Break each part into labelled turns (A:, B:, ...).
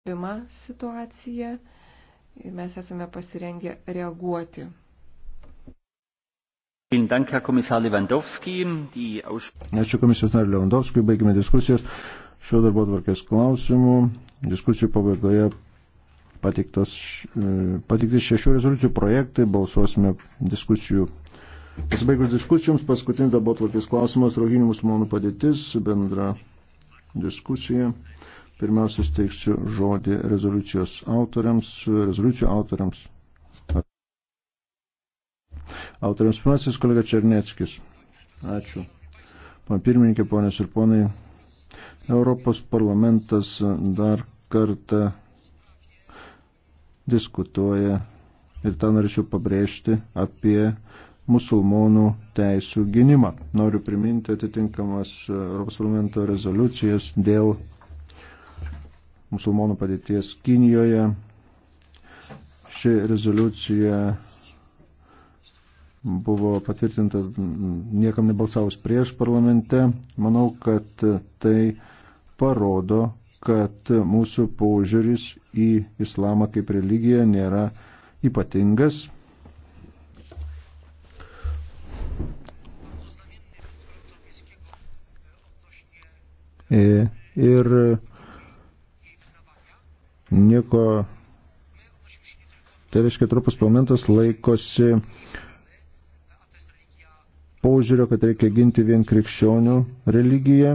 A: stebima situacija ir mes esame pasirengę reaguoti.
B: Ačiū
C: komisijos nariu Lewandowskiui, baigime diskusijas šio darbo tvarkės klausimų. Diskusijų pabaigoje pateiktas, e, pateikti šešių rezoliucijų projektai, balsuosime diskusijų. Pasibaigus diskusijoms, paskutinis darbo tvarkės klausimas, rohinimus monų padėtis, bendra diskusija. Pirmiausia, steigsiu žodį rezoliucijos autoriams, rezoliucijų autoriams. Autoriams pirmasis kolega Černieckis. Ačiū. Pana pirmininkė, ponės ir ponai, Europos parlamentas dar kartą diskutuoja ir tą norėčiau pabrėžti apie musulmonų teisų gynimą. Noriu priminti atitinkamas Europos parlamento rezoliucijas dėl musulmonų padėties Kinijoje. Ši rezoliucija buvo patvirtinta niekam nebalsavus prieš parlamente. Manau, kad tai parodo, kad mūsų požiūris į islamą kaip religiją nėra ypatingas. E, ir nieko. Tai reiškia, Europos parlamentas laikosi paužiūrio, kad reikia ginti vien krikščionių religiją.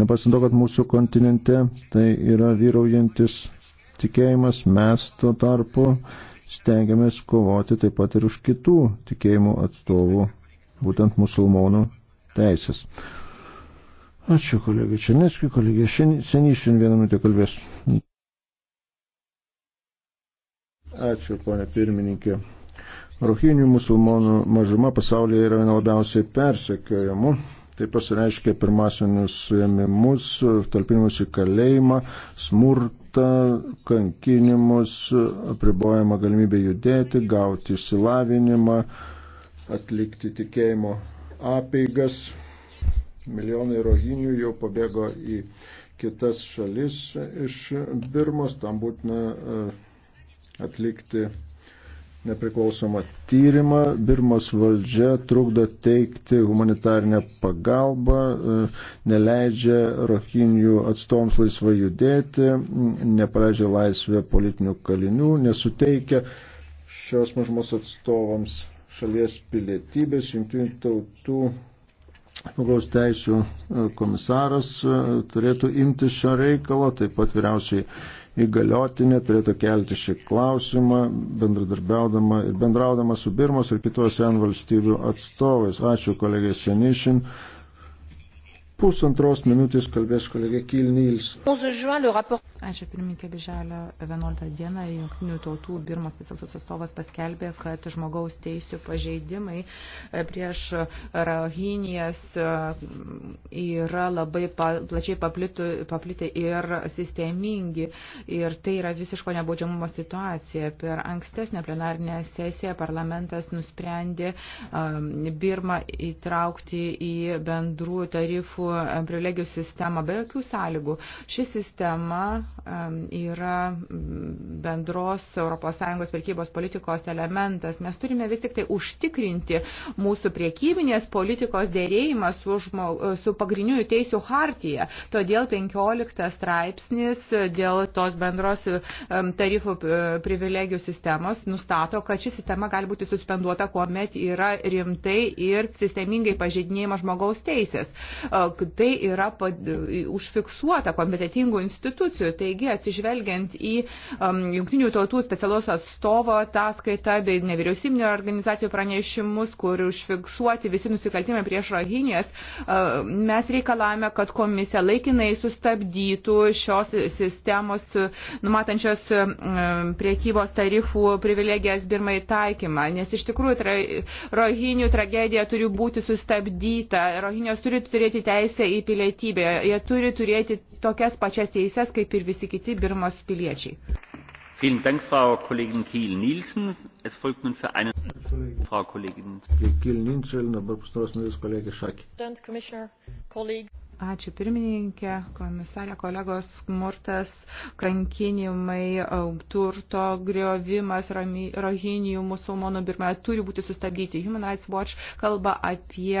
C: Nepasint to, kad mūsų kontinente tai yra vyraujantis tikėjimas, mes tuo tarpu stengiamės kovoti taip pat ir už kitų tikėjimų atstovų, būtent musulmonų teisės. Ačiū kolegai Černeskiui, kolegė Senyšin vieną minutę kalbės. Ačiū, ponė pirmininkė. Rohinių musulmonų mažuma pasaulyje yra viena labiausiai persekiojamų. Tai pasireiškia pirmasinius suėmimus, talpinimus į kalėjimą, smurtą, kankinimus, apribojama galimybė judėti, gauti išsilavinimą, atlikti tikėjimo apeigas milijonai rohinių jau pabėgo į kitas šalis iš Birmos, tam būtina e, atlikti nepriklausomą tyrimą. Birmos valdžia trukdo teikti humanitarinę pagalbą, e, neleidžia rohinių atstovams laisvai judėti, nepaleidžia laisvę politinių kalinių, nesuteikia šios mažumos atstovams šalies pilietybės, jungtinių tautų žmogaus teisų e, komisaras e, turėtų imti šio reikalo, taip pat vyriausiai įgaliotinė turėtų kelti šį klausimą, bendradarbiaudama ir bendraudama su Birmos ir kitos sen valstybių atstovais. Ačiū kolegai Senišin. Pusantros minutės kalbės kolegė Kyl Nils.
D: Ačiū pirmininkė Birželio 11 dieną Junktinių tautų Birmos specialus atstovas paskelbė, kad žmogaus teisų pažeidimai e, prieš e, Rohinijas e, yra labai plačiai paplitę ir sistemingi. Ir tai yra visiško nebaudžiamumo situacija. Per ankstesnę plenarinę sesiją parlamentas nusprendė Birmą įtraukti į bendrų tarifų bankų privilegijų sistemą be jokių sąlygų. Ši sistema yra bendros ES prekybos politikos elementas. Mes turime vis tik tai užtikrinti mūsų priekybinės politikos dėrėjimą su, žmog, su pagrindinių teisų hartyje. Todėl 15 straipsnis dėl tos bendros tarifų e, privilegijų sistemos nustato, kad ši sistema gali būti suspenduota, kuomet yra rimtai ir sistemingai pažeidinėjama žmogaus teisės tai yra užfiksuota kompetitingų institucijų. Taigi, atsižvelgiant į um, Junktinių tautų specialos atstovo ataskaitą bei nevyriausybinio organizacijų pranešimus, kur užfiksuoti visi nusikaltimai prieš rohinės, uh, mes reikalavome, kad komisija laikinai sustabdytų šios sistemos uh, numatančios um, priekybos tarifų privilegijas Birmai taikymą. Nes iš tikrųjų tra rohinių tragedija turi būti sustabdyta. Rohinės turi turėti teisę teisę į pilietybę. Jie turi turėti tokias pačias teises, kaip ir visi kiti
B: Birmos piliečiai. Frau Kollegin Kiel-Nielsen, es folgt nun für eine Frau Kollegin.
C: Kiel-Nielsen, aber Frau Kollegin Schaki.
D: Ačiū pirmininkė, komisarė, kolegos, smurtas, kankinimai, turto griovimas, rohinijų musulmonų Birmoje turi būti sustabdyti. Human Rights Watch kalba apie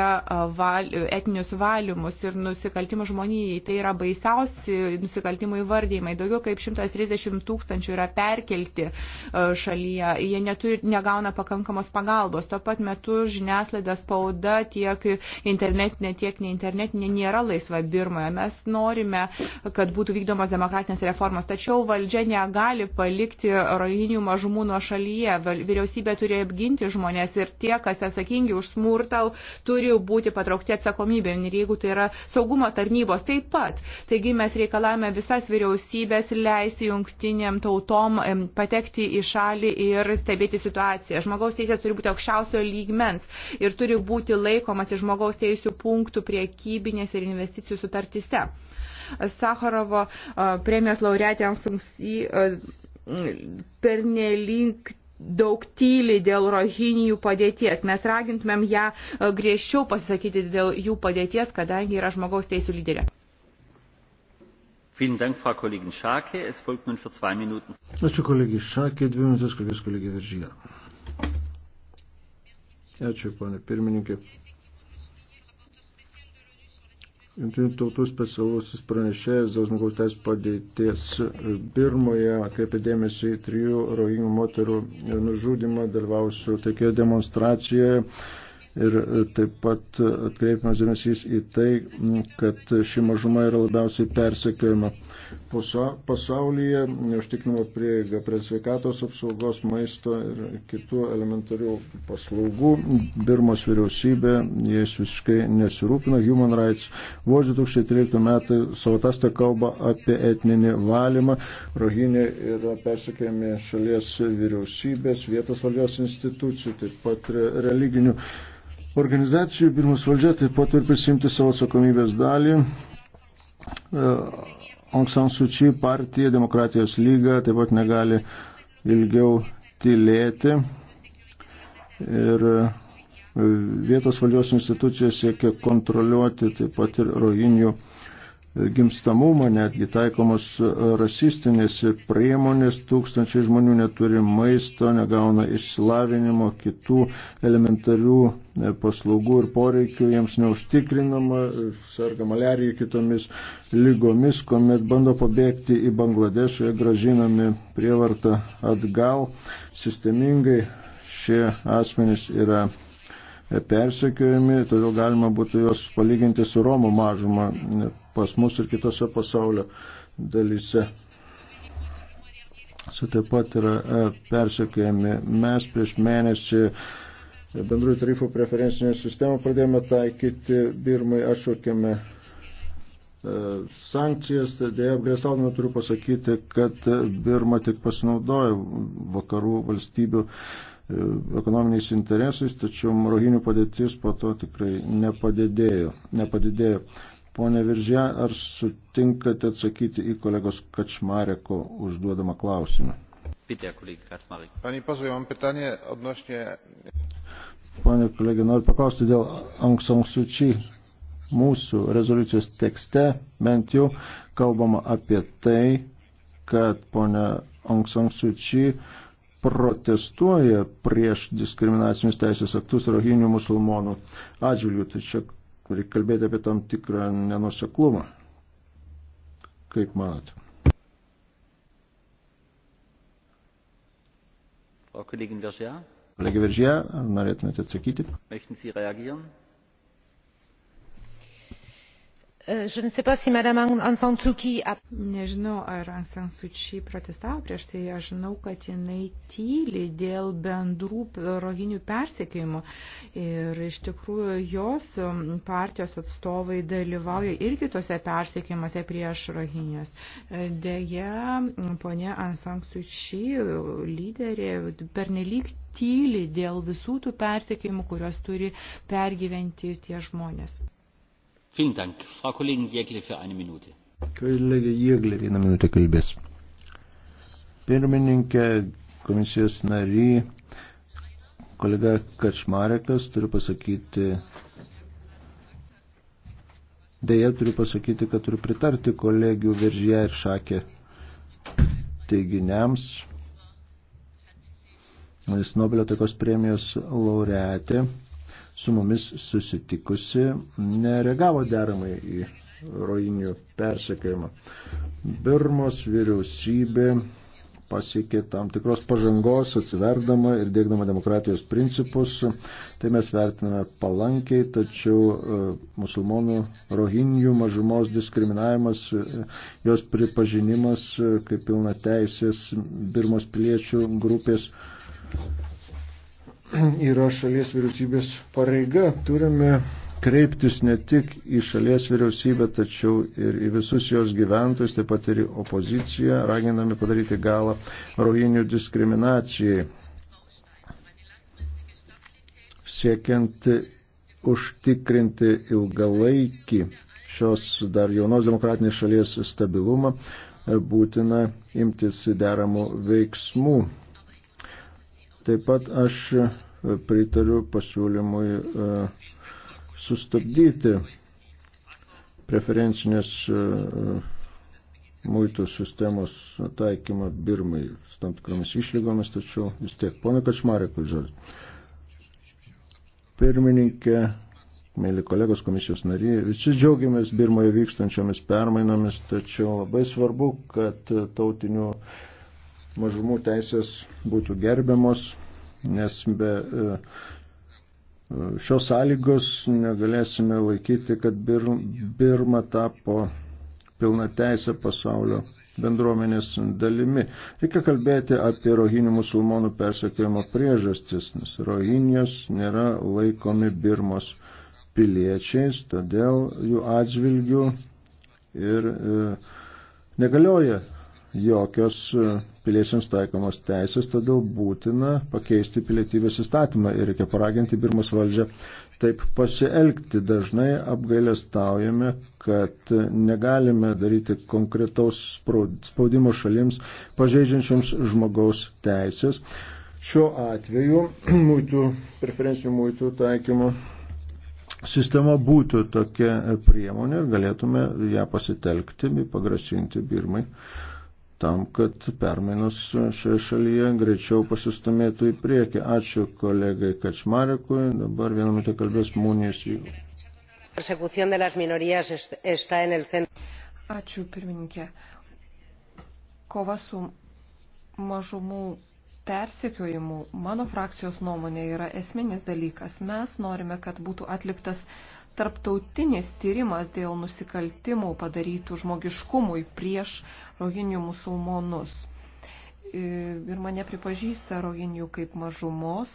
D: val, etinius valymus ir nusikaltimus žmonijai. Tai yra baisiausi nusikaltimų įvardymai. Daugiau kaip 130 tūkstančių yra perkelti šalyje. Jie neturi, negauna pakankamos pagalbos. Tuo pat metu žiniaslaida spauda tiek internetinė, tiek neinternetinė nėra laisva laisvą Birmoje. Mes norime, kad būtų vykdomas demokratinės reformos, tačiau valdžia negali palikti rojinių mažumų nuo šalyje. Vyriausybė turi apginti žmonės ir tie, kas atsakingi už smurtą, turi būti patraukti atsakomybė. Ir jeigu tai yra saugumo tarnybos, taip pat. Taigi mes reikalavome visas vyriausybės leisti jungtiniam tautom patekti į šalį ir stebėti situaciją. Žmogaus teisės turi būti aukščiausio lygmens ir turi būti laikomasi žmogaus teisų punktų priekybinės ir investicinės investicijų sutartyse. Sakarovo premijos laureatė Anksunksy pernelink daug tyli dėl rohinijų padėties. Mes ragintumėm ją griežčiau pasisakyti dėl jų padėties, kadangi yra žmogaus teisų lyderė.
C: Ačiū kolegijai Šakė, dvi minutės kalbės kolegija Veržyje. Ačiū, ponė pirmininkė. Jungtinių tautų specialusis pranešėjas dėl žmogaus teisų padėties Birmoje atkreipė dėmesį į trijų rojinių moterų nužudimą dalyvausių taikioje demonstracijoje. Ir taip pat atkreipimas dėmesys į tai, kad ši mažuma yra labiausiai persekiojama pasaulyje, užtikrinama prieiga prie sveikatos apsaugos, maisto ir kitų elementarių paslaugų. Birmos vyriausybė jais visiškai nesirūpina. Human Rights Watch 2013 metai savo tastą kalba apie etninį valymą. Rohinė yra persekiami šalies vyriausybės, vietos valdžios institucijų, taip pat religinių organizacijų, pirmas valdžia taip pat turi prisimti savo atsakomybės dalį. E, Aung San Suu Kyi partija, demokratijos lyga taip pat negali ilgiau tylėti. Ir e, vietos valdžios institucijos siekia kontroliuoti taip pat ir rojinių gimstamumą, netgi taikomos rasistinės priemonės, tūkstančiai žmonių neturi maisto, negauna išsilavinimo, kitų elementarių paslaugų ir poreikių, jiems neužtikrinama, sarga malerija kitomis lygomis, kuomet bando pabėgti į Bangladešą, gražinami prievartą atgal, sistemingai šie asmenys yra persekiojami, todėl galima būtų juos palyginti su Romų mažuma pas mus ir kitose pasaulio dalyse. Su taip pat yra e, persekiojami. Mes prieš mėnesį bendrųjų tarifų preferencinę sistemą pradėjome taikyti, Birmai atšaukėme e, sankcijas, dėja apgrėstaudami turiu pasakyti, kad Birma tik pasinaudojo vakarų valstybių e, ekonominiais interesais, tačiau rohinių padėtis po to tikrai nepadidėjo. nepadidėjo. Pone Viržė, ar sutinkate atsakyti į kolegos Kačmareko užduodamą klausimą?
B: Pani pozvė, man pytanie odnośnie...
C: Pane kolegė, noriu paklausti dėl Aung San Suu Kyi. Mūsų rezoliucijos tekste bent jau kalbama apie tai, kad ponia Aung San Suu Kyi protestuoja prieš diskriminacinius teisės aktus rohinių musulmonų atžvilgių. Tai čia kuri kalbėti apie tam tikrą nenuseklumą. Kaip manat?
B: Frau Kollegin Vergier.
C: Kollege Vergier, norėtumėte atsakyti?
B: Möchten Sie reagieren?
D: E, Nežinau, ar Aung San Suu Kyi protestavo prieš tai, aš žinau, kad jinai tyli dėl bendrų rohinių persekiojimų. Ir iš tikrųjų jos partijos atstovai dalyvauja ir kitose persekiojimuose prieš rohinius. E, deja, ponė Aung San Suu Kyi, lyderė, pernelyg tyli dėl visų tų persekiojimų, kuriuos turi pergyventi tie žmonės.
B: Kolegė
C: Jėglė vieną minutę kalbės. Pirmininkė, komisijos nary, kolega Kačmarekas, turiu pasakyti, dėja turiu pasakyti, kad turiu pritarti kolegių veržyje ir šakė teiginiams. Jis Nobelio taikos premijos laureatė su mumis susitikusi nereagavo deramai į rojinių persekiojimą. Birmos vyriausybė pasiekė tam tikros pažangos, atsiverdama ir dėkdama demokratijos principus. Tai mes vertiname palankiai, tačiau e, musulmonų rohinių mažumos diskriminavimas, e, jos pripažinimas e, kaip pilna teisės Birmos piliečių grupės yra šalies vyriausybės pareiga. Turime kreiptis ne tik į šalies vyriausybę, tačiau ir į visus jos gyventojus, taip pat ir į opoziciją, raginami padaryti galą rojinių diskriminacijai, siekiant užtikrinti ilgalaikį šios dar jaunos demokratinės šalies stabilumą, būtina imtis deramų veiksmų. Taip pat aš e, pritariu pasiūlymui e, sustabdyti preferencinės e, muitų sistemos taikymą Birmai su tam tikromis išlygomis, tačiau vis tiek. Pone Kačmarekui žodis. Pirmininkė, mėly kolegos komisijos nariai, visi džiaugiamės Birmoje vykstančiomis permainomis, tačiau labai svarbu, kad tautinių mažumų teisės būtų gerbiamos, nes be e, e, šios sąlygos negalėsime laikyti, kad Bir Birma tapo pilna teisė pasaulio bendruomenės dalimi. Reikia kalbėti apie rohinių musulmonų persekiojimo priežastis, nes rohinijos nėra laikomi Birmos piliečiais, todėl jų atžvilgių ir e, negalioja jokios e, piliečiams taikomos teisės, todėl būtina pakeisti pilietybės įstatymą ir reikia paraginti Birmos valdžią taip pasielgti. Dažnai apgailestaujame, kad negalime daryti konkretaus spaudimo šalims pažeidžiančioms žmogaus teisės. Šiuo atveju mūtų, preferencijų mūtų taikymo sistema būtų tokia priemonė ir galėtume ją pasitelkti bei pagrasinti Birmai tam, kad permainos šioje šalyje greičiau pasistumėtų į priekį. Ačiū kolegai Kačmarekui. Dabar vieną minutę kalbės Mūnijas jų.
A: Ačiū, pirmininkė. Kova su mažumų persekiojimu, mano frakcijos nuomonė, yra esminis dalykas. Mes norime, kad būtų atliktas tarptautinis tyrimas dėl nusikaltimų padarytų žmogiškumui prieš rohinių musulmonus. Ir mane pripažįsta rohinių kaip mažumos.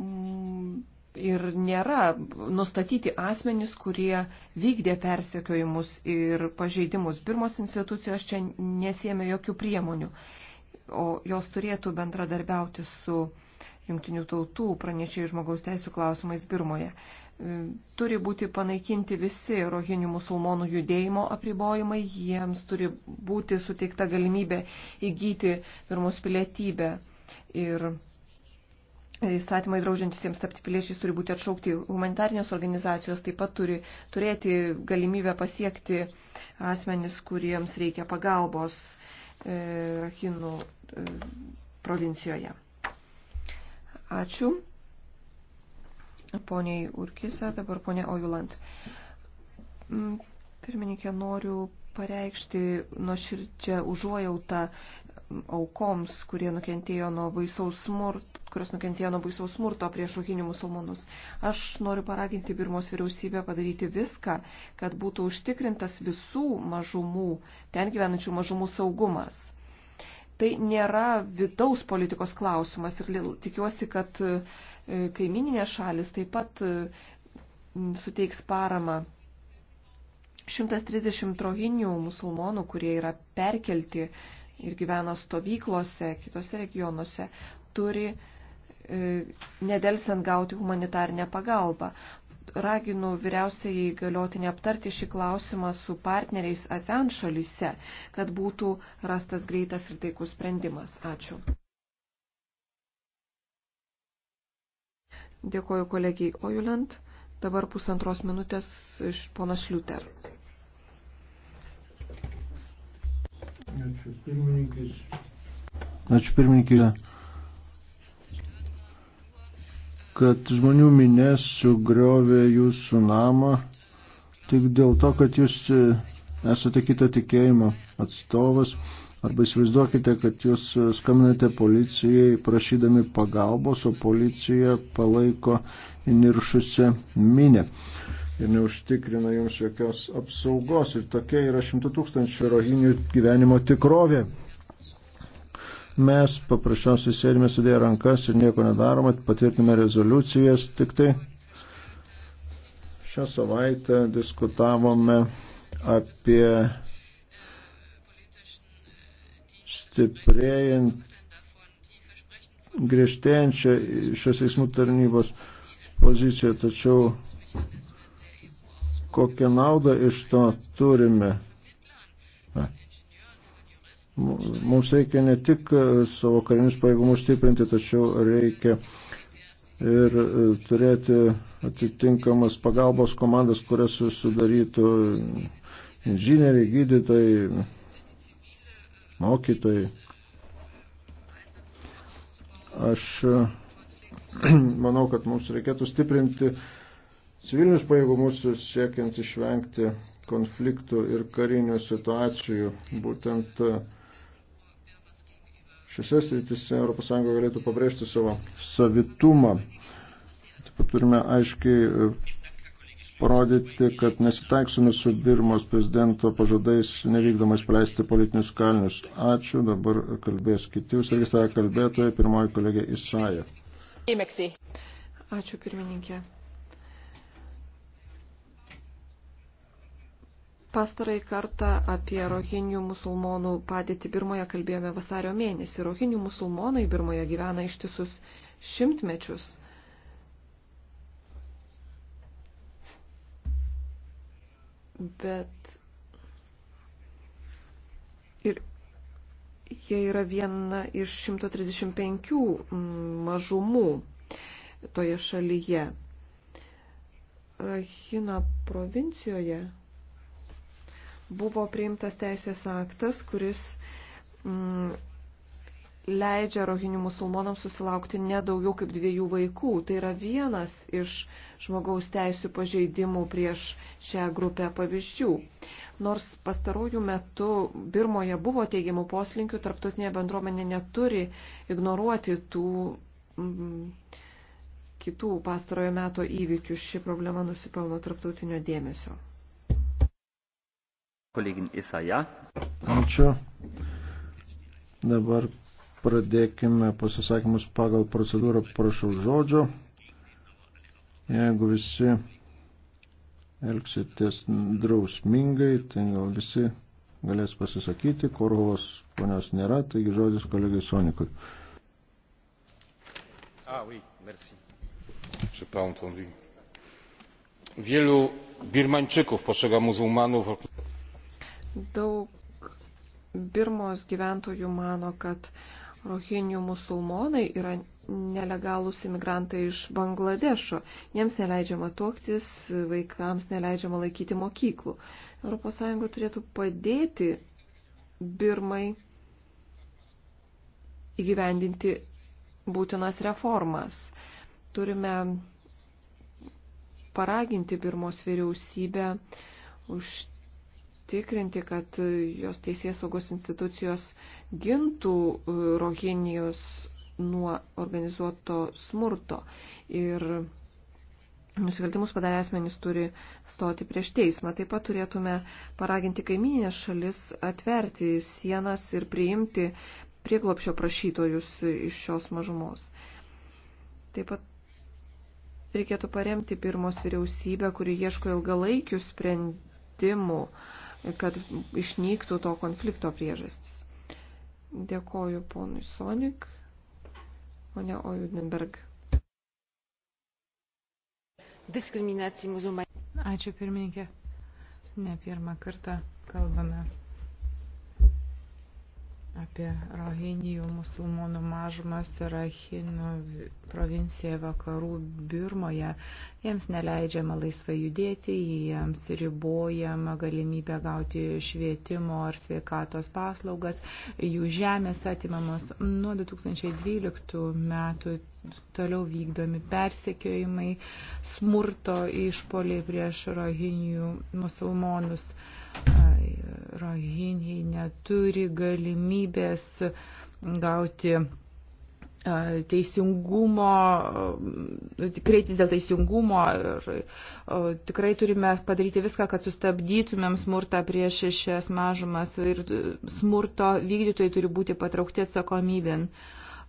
A: Mm, ir nėra nustatyti asmenys, kurie vykdė persekiojimus ir pažeidimus. Birmos institucijos čia nesėmė jokių priemonių, o jos turėtų bendradarbiauti su uh, jungtinių tautų pranešėjų žmogaus teisų klausimais Birmoje. E, turi būti panaikinti visi rohinių musulmonų judėjimo apribojimai, jiems turi būti suteikta galimybė įgyti Birmos pilietybę. Ir Įstatymai draužiantis jiems tapti piliečiais turi būti atšaukti humanitarnės organizacijos, taip pat turi turėti galimybę pasiekti asmenis, kuriems reikia pagalbos e, Rahinų e, provincijoje. Ačiū. Poniai Urkisa, dabar ponia Ojuland. Mm, pirmininkė, noriu pareikšti nuoširdžią užuojautą aukoms, kurie nukentėjo nuo baisaus smurto kurios nukentėjo nuo baisaus smurto prieš rohinių musulmonus. Aš noriu paraginti Birmos vyriausybę padaryti viską, kad būtų užtikrintas visų mažumų, ten gyvenančių mažumų saugumas tai nėra vidaus politikos klausimas ir tikiuosi, kad e, kaimininės šalis taip pat e, suteiks paramą. 130 rohinių musulmonų, kurie yra perkelti ir gyvena stovyklose, kitose regionuose, turi e, nedelsiant gauti humanitarnę pagalbą raginu vyriausiai galiotinį aptarti šį klausimą su partneriais ASEAN šalyse, kad būtų rastas greitas ir taikus sprendimas. Ačiū. Dėkoju kolegijai Ojuland. Dabar pusantros minutės iš ponas Šliuter.
C: Ačiū pirmininkai. Ačiū pirmininkai kad žmonių minės sugriovė jūsų namą tik dėl to, kad jūs e, esate kito tikėjimo atstovas. Arba įsivaizduokite, kad jūs e, skambinate policijai prašydami pagalbos, o policija palaiko niršusią minę ir neužtikrina jums jokios apsaugos. Ir tokia yra šimtų tūkstančių rohinių gyvenimo tikrovė. Mes paprasčiausiai sėdime sudėję rankas ir nieko nedarome, patvirtiname rezoliucijas tik tai. Šią savaitę diskutavome apie stiprėjant, griežtėjančią šios eismų tarnybos poziciją, tačiau kokią naudą iš to turime. Na, Mums reikia ne tik e, savo karinius pajėgumus stiprinti, tačiau reikia ir e, turėti atitinkamas pagalbos komandas, kurias sudarytų inžinieriai, gydytojai, mokytojai. Aš e, manau, kad mums reikėtų stiprinti civilinius pajėgumus siekiant išvengti konfliktų ir karinių situacijų. Būtent uh, šiose srityse ES galėtų pabrėžti savo savitumą. Taip pat turime aiškiai e, parodyti, kad nesitaiksime su Birmos prezidento pažadais nevykdomais paleisti politinius kalnius. Ačiū, dabar kalbės kiti užsiregistravę kalbėtojai, pirmoji kolegė Isaja.
A: Ačiū pirmininkė. Pastarai kartą apie rohinių musulmonų padėtį Birmoje kalbėjome vasario mėnesį. Rohinių musulmonai Birmoje gyvena ištisus šimtmečius. Bet ir jie yra viena iš 135 mm, mažumų toje šalyje. Rahina provincijoje buvo priimtas teisės aktas, kuris mm, leidžia rohinių musulmonams susilaukti nedaugiau kaip dviejų vaikų. Tai yra vienas iš žmogaus teisų pažeidimų prieš šią grupę pavyzdžių. Nors pastarųjų metų Birmoje buvo teigiamų poslinkių, tarptautinė bendruomenė neturi ignoruoti tų mm, kitų pastarojo meto įvykių. Ši problema nusipelno tarptautinio dėmesio.
B: Kolegin Isaja.
C: Ačiū. Dabar pradėkime pasisakymus pagal procedūrą. Prašau žodžio. Jeigu visi elgsitės drausmingai, tai gal visi galės pasisakyti. Korhovos ponios nėra, taigi žodis kolegai Sonikui.
A: Ah, oui, merci.
C: Je pas entendu. Wielu Birmańczyków postrzega muzułmanów
A: Daug Birmos gyventojų mano, kad rohinių musulmonai yra nelegalūs imigrantai iš Bangladešo. Jiems neleidžiama tuoktis, vaikams neleidžiama laikyti mokyklų. ES turėtų padėti Birmai įgyvendinti būtinas reformas. Turime paraginti Birmos vyriausybę už užtikrinti, kad jos teisės saugos institucijos gintų e, rohinijos nuo organizuoto smurto. Ir nusikaltimus padarę asmenys turi stoti prieš teismą. Taip pat turėtume paraginti kaimininės šalis atverti sienas ir priimti prieglopšio prašytojus iš šios mažumos. Taip pat reikėtų paremti pirmos vyriausybę, kuri ieško ilgalaikių sprendimų kad išnyktų to konflikto priežastis. Dėkoju ponui Sonik, o ne Ojudenberg.
D: Diskriminacija muzumanų. Ačiū pirmininkė. Ne pirmą kartą kalbame apie rohinijų musulmonų mažumas Rahinų provincijoje vakarų Birmoje. Jiems neleidžiama laisvai judėti, jiems ribojama galimybė gauti švietimo ar sveikatos paslaugas, jų žemės atimamos. Nuo 2012 metų toliau vykdomi persekiojimai, smurto išpoliai prieš rohinijų musulmonus rohingiai neturi galimybės gauti teisingumo, kreiptis dėl teisingumo ir tikrai turime padaryti viską, kad sustabdytumėm smurtą prieš šias mažumas ir smurto vykdytojai turi būti patraukti atsakomybėn.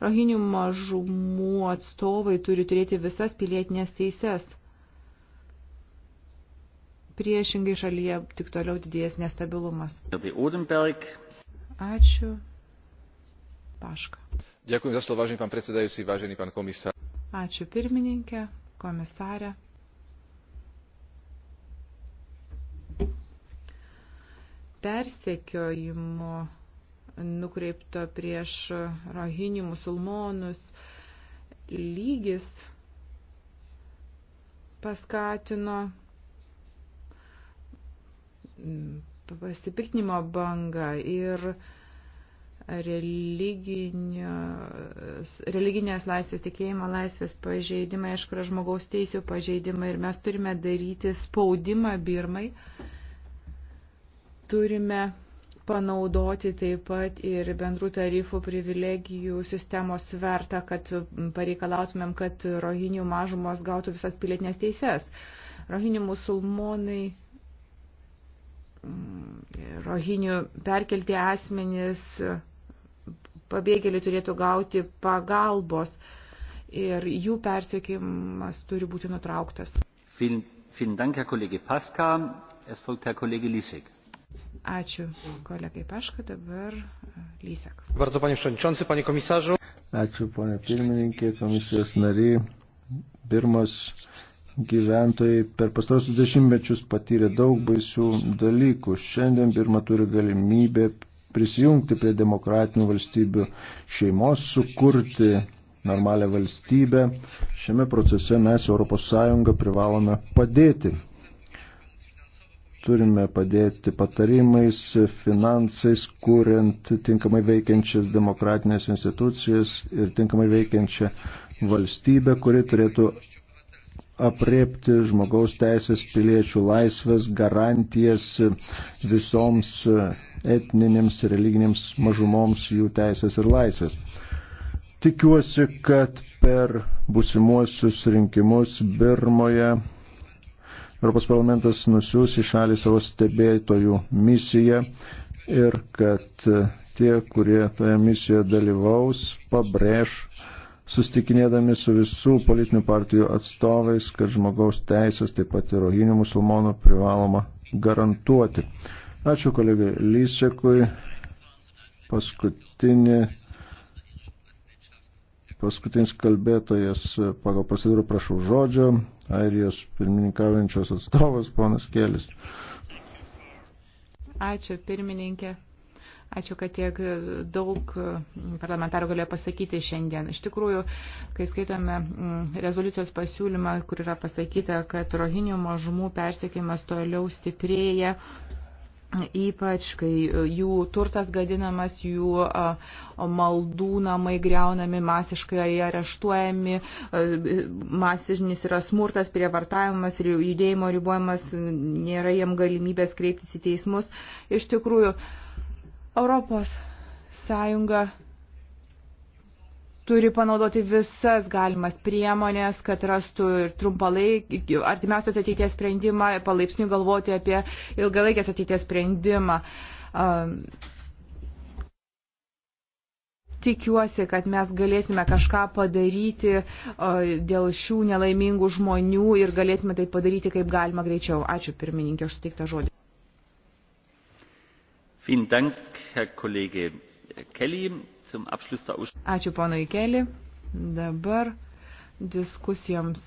D: Rohinių mažumų atstovai turi turėti visas pilietinės teises priešingai šalyje tik toliau didės nestabilumas. Ačiū. Paška.
B: Ďakujem za slovo, vážený pán
C: predsedajúci, vážený pán komisár.
D: Ačiū pirmininkė, komisarė. Persekiojimo nukreipto prieš rohinių musulmonus lygis paskatino pasipiktinimo bangą ir religinės laisvės, tikėjimo laisvės pažeidimai, aišku, yra žmogaus teisų pažeidimai ir mes turime daryti spaudimą Birmai, turime panaudoti taip pat ir bendrų tarifų privilegijų sistemos svertą, kad pareikalautumėm, kad rohinių mažumos gautų visas pilietinės teises. Rohinių musulmonai Mm, rohinių perkelti asmenys, pabėgėliai turėtų gauti pagalbos ir jų persiekėjimas turi būti nutrauktas.
B: Vielen, vielen Dank, Herr Kollege Paska. Es folgt Herr Kollege Lisek.
D: Ačiū kolegai Paška, dabar e,
A: Lysek. Bardzo panie przewodniczący,
C: panie komisarzu. Ačiū panie pirmininkė, komisijos nariai. Pirmas gyventojai per pastarosius dešimtmečius patyrė daug baisių dalykų. Šiandien Birma turi galimybę prisijungti prie demokratinių valstybių šeimos, sukurti normalią valstybę. Šiame procese mes ES privalome padėti. Turime padėti patarimais, finansais, kuriant tinkamai veikiančias demokratinės institucijas ir tinkamai veikiančią valstybę, kuri turėtų apriepti žmogaus teisės, piliečių laisvės, garantijas visoms etninėms, religinėms mažumoms jų teisės ir laisvės. Tikiuosi, kad per busimuosius rinkimus Birmoje Europos parlamentas nusiūs į šalį savo stebėtojų misiją ir kad tie, kurie toje misijoje dalyvaus, pabrėž sustikinėdami su visų politinių partijų atstovais, kad žmogaus teisės, taip pat ir rohinių musulmonų privaloma garantuoti. Ačiū kolegai Lysekui. Paskutinį, paskutinis kalbėtojas pagal procedūrą prašau žodžio. Airijos pirmininkaujančios atstovas, ponas Kėlis.
D: Ačiū, pirmininkė. Ačiū, kad tiek daug parlamentarų galėjo pasakyti šiandien. Iš tikrųjų, kai skaitome mm, rezoliucijos pasiūlymą, kur yra pasakyta, kad rohinių mažumų persiekimas toliau stiprėja, ypač kai jų turtas gadinamas, jų maldų namai greunami, masiškai areštuojami, masižinis yra smurtas, prievartavimas ir judėjimo ribojimas, nėra jiem galimybės kreiptis į teismus. Iš tikrųjų, Europos Sąjunga turi panaudoti visas galimas priemonės, kad rastų ir trumpalaikį, artimiausios ateities sprendimą, palaipsniui galvoti apie ilgalaikės ateities sprendimą. Tikiuosi, kad mes galėsime kažką padaryti dėl šių nelaimingų žmonių ir galėsime tai padaryti kaip galima greičiau. Ačiū pirmininkė, aš suteiktą žodį.
B: Ačiū
D: ponui Keli. Dabar diskusijoms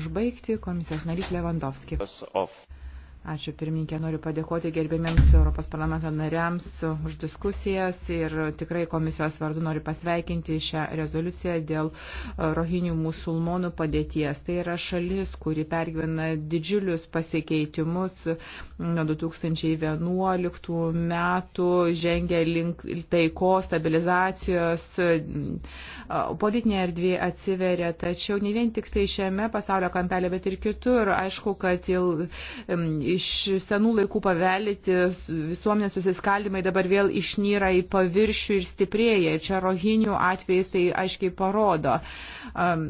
D: užbaigti komisijos narys Levandovski. Ačiū pirmininkė, noriu padėkoti gerbėmiems Europos parlamento nariams už diskusijas ir tikrai komisijos vardu noriu pasveikinti šią rezoliuciją dėl e, rohinių musulmonų padėties. Tai yra šalis, kuri pergyvena didžiulius pasikeitimus nuo 2011 metų, žengia link taikos, stabilizacijos, politinė erdvė atsiveria, tačiau ne vien tik tai šiame pasaulio kampelė, bet ir kitur. Aišku, kad il, iš senų laikų pavelyti visuomenės susiskaldimai dabar vėl išnyra į paviršių ir stiprėja. Ir čia rohinių atvejais tai aiškiai parodo. Um,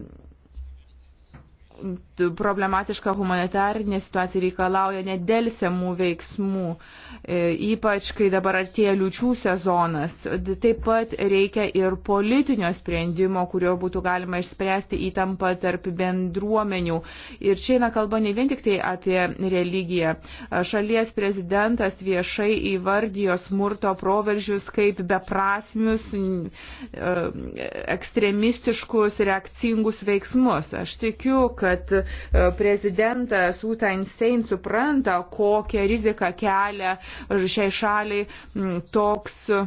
D: problematiška humanitarinė situacija reikalauja nedelsiamų veiksmų, e, ypač kai dabar artėja liučių sezonas. Taip pat reikia ir politinio sprendimo, kurio būtų galima išspręsti įtampą tarp bendruomenių. Ir čia eina kalba ne vien tik tai apie religiją. Šalies prezidentas viešai įvardijo smurto proveržius kaip beprasmius, e, ekstremistiškus, reakcingus veiksmus. Aš tikiu, kad kad e, prezidentas Utain Sein supranta, kokią riziką kelia šiai šaliai toks e,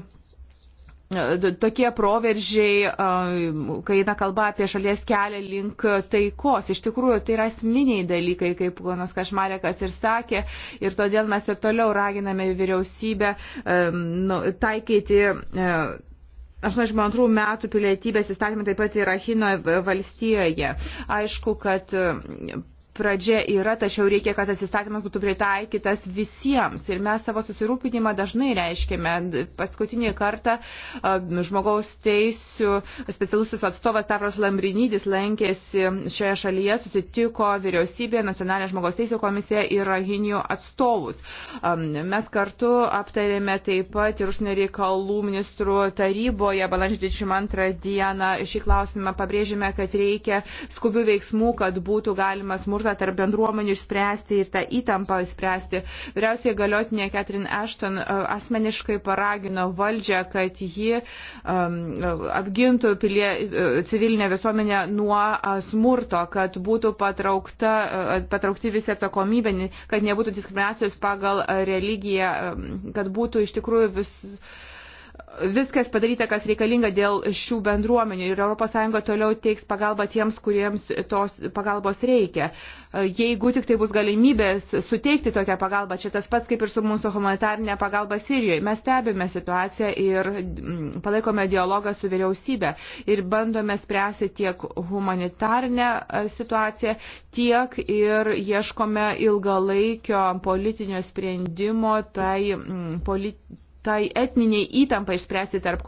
D: tokie proveržiai, e, kai eina kalba apie šalies kelią link taikos. Iš tikrųjų, tai yra asmeniai dalykai, kaip ponas Kašmarekas ir sakė, ir todėl mes ir toliau raginame vyriausybę nu, taikyti 82 metų pilietybės įstatymai taip pat yra Hino valstijoje. Aišku, kad pradžia yra, tačiau reikia, kad tas įstatymas būtų pritaikytas visiems. Ir mes savo susirūpinimą dažnai reiškėme. Paskutinį kartą um, žmogaus teisų specialusis atstovas Tavros Lambrinydis lankėsi šioje šalyje, susitiko vyriausybė, nacionalinė žmogaus teisų komisija ir rahinių atstovus. Um, mes kartu aptarėme taip pat ir užsienio reikalų ministrų taryboje balandžio 22 dieną šį klausimą pabrėžėme, kad reikia skubių veiksmų, kad būtų galima smurtą iniciatyvą tarp bendruomenių išspręsti ir tą įtampą išspręsti. Vyriausiai galiotinė Catherine Ashton e, asmeniškai paragino valdžią, kad ji um, apgintų pilie, e, civilinę visuomenę nuo e, smurto, kad būtų patraukta, patraukti visi atsakomybė, kad nebūtų diskriminacijos pagal religiją, kad būtų iš tikrųjų vis viskas padaryta, kas reikalinga dėl šių bendruomenių ir ES toliau teiks pagalbą tiems, kuriems tos pagalbos reikia. E, jeigu tik tai bus galimybės suteikti tokią pagalbą, čia tas pats kaip ir su mūsų humanitarinė pagalba Sirijoje. Mes stebime situaciją ir palaikome dialogą su vyriausybė ir bandome spręsti tiek humanitarinę e, situaciją, tiek ir ieškome ilgalaikio politinio sprendimo tai politikai tai etniniai įtampai išspręsti tarp,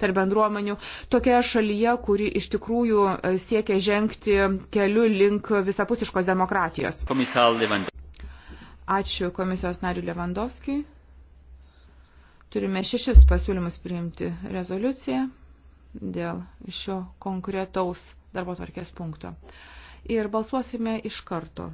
D: tarp bendruomenių tokioje šalyje, kuri iš tikrųjų e, siekia žengti keliu link visapusiškos demokratijos. Ačiū komisijos nariu Levandovskijui. Turime šešis pasiūlymus priimti rezoliuciją dėl šio konkretaus darbo tvarkės punkto. Ir balsuosime iš karto.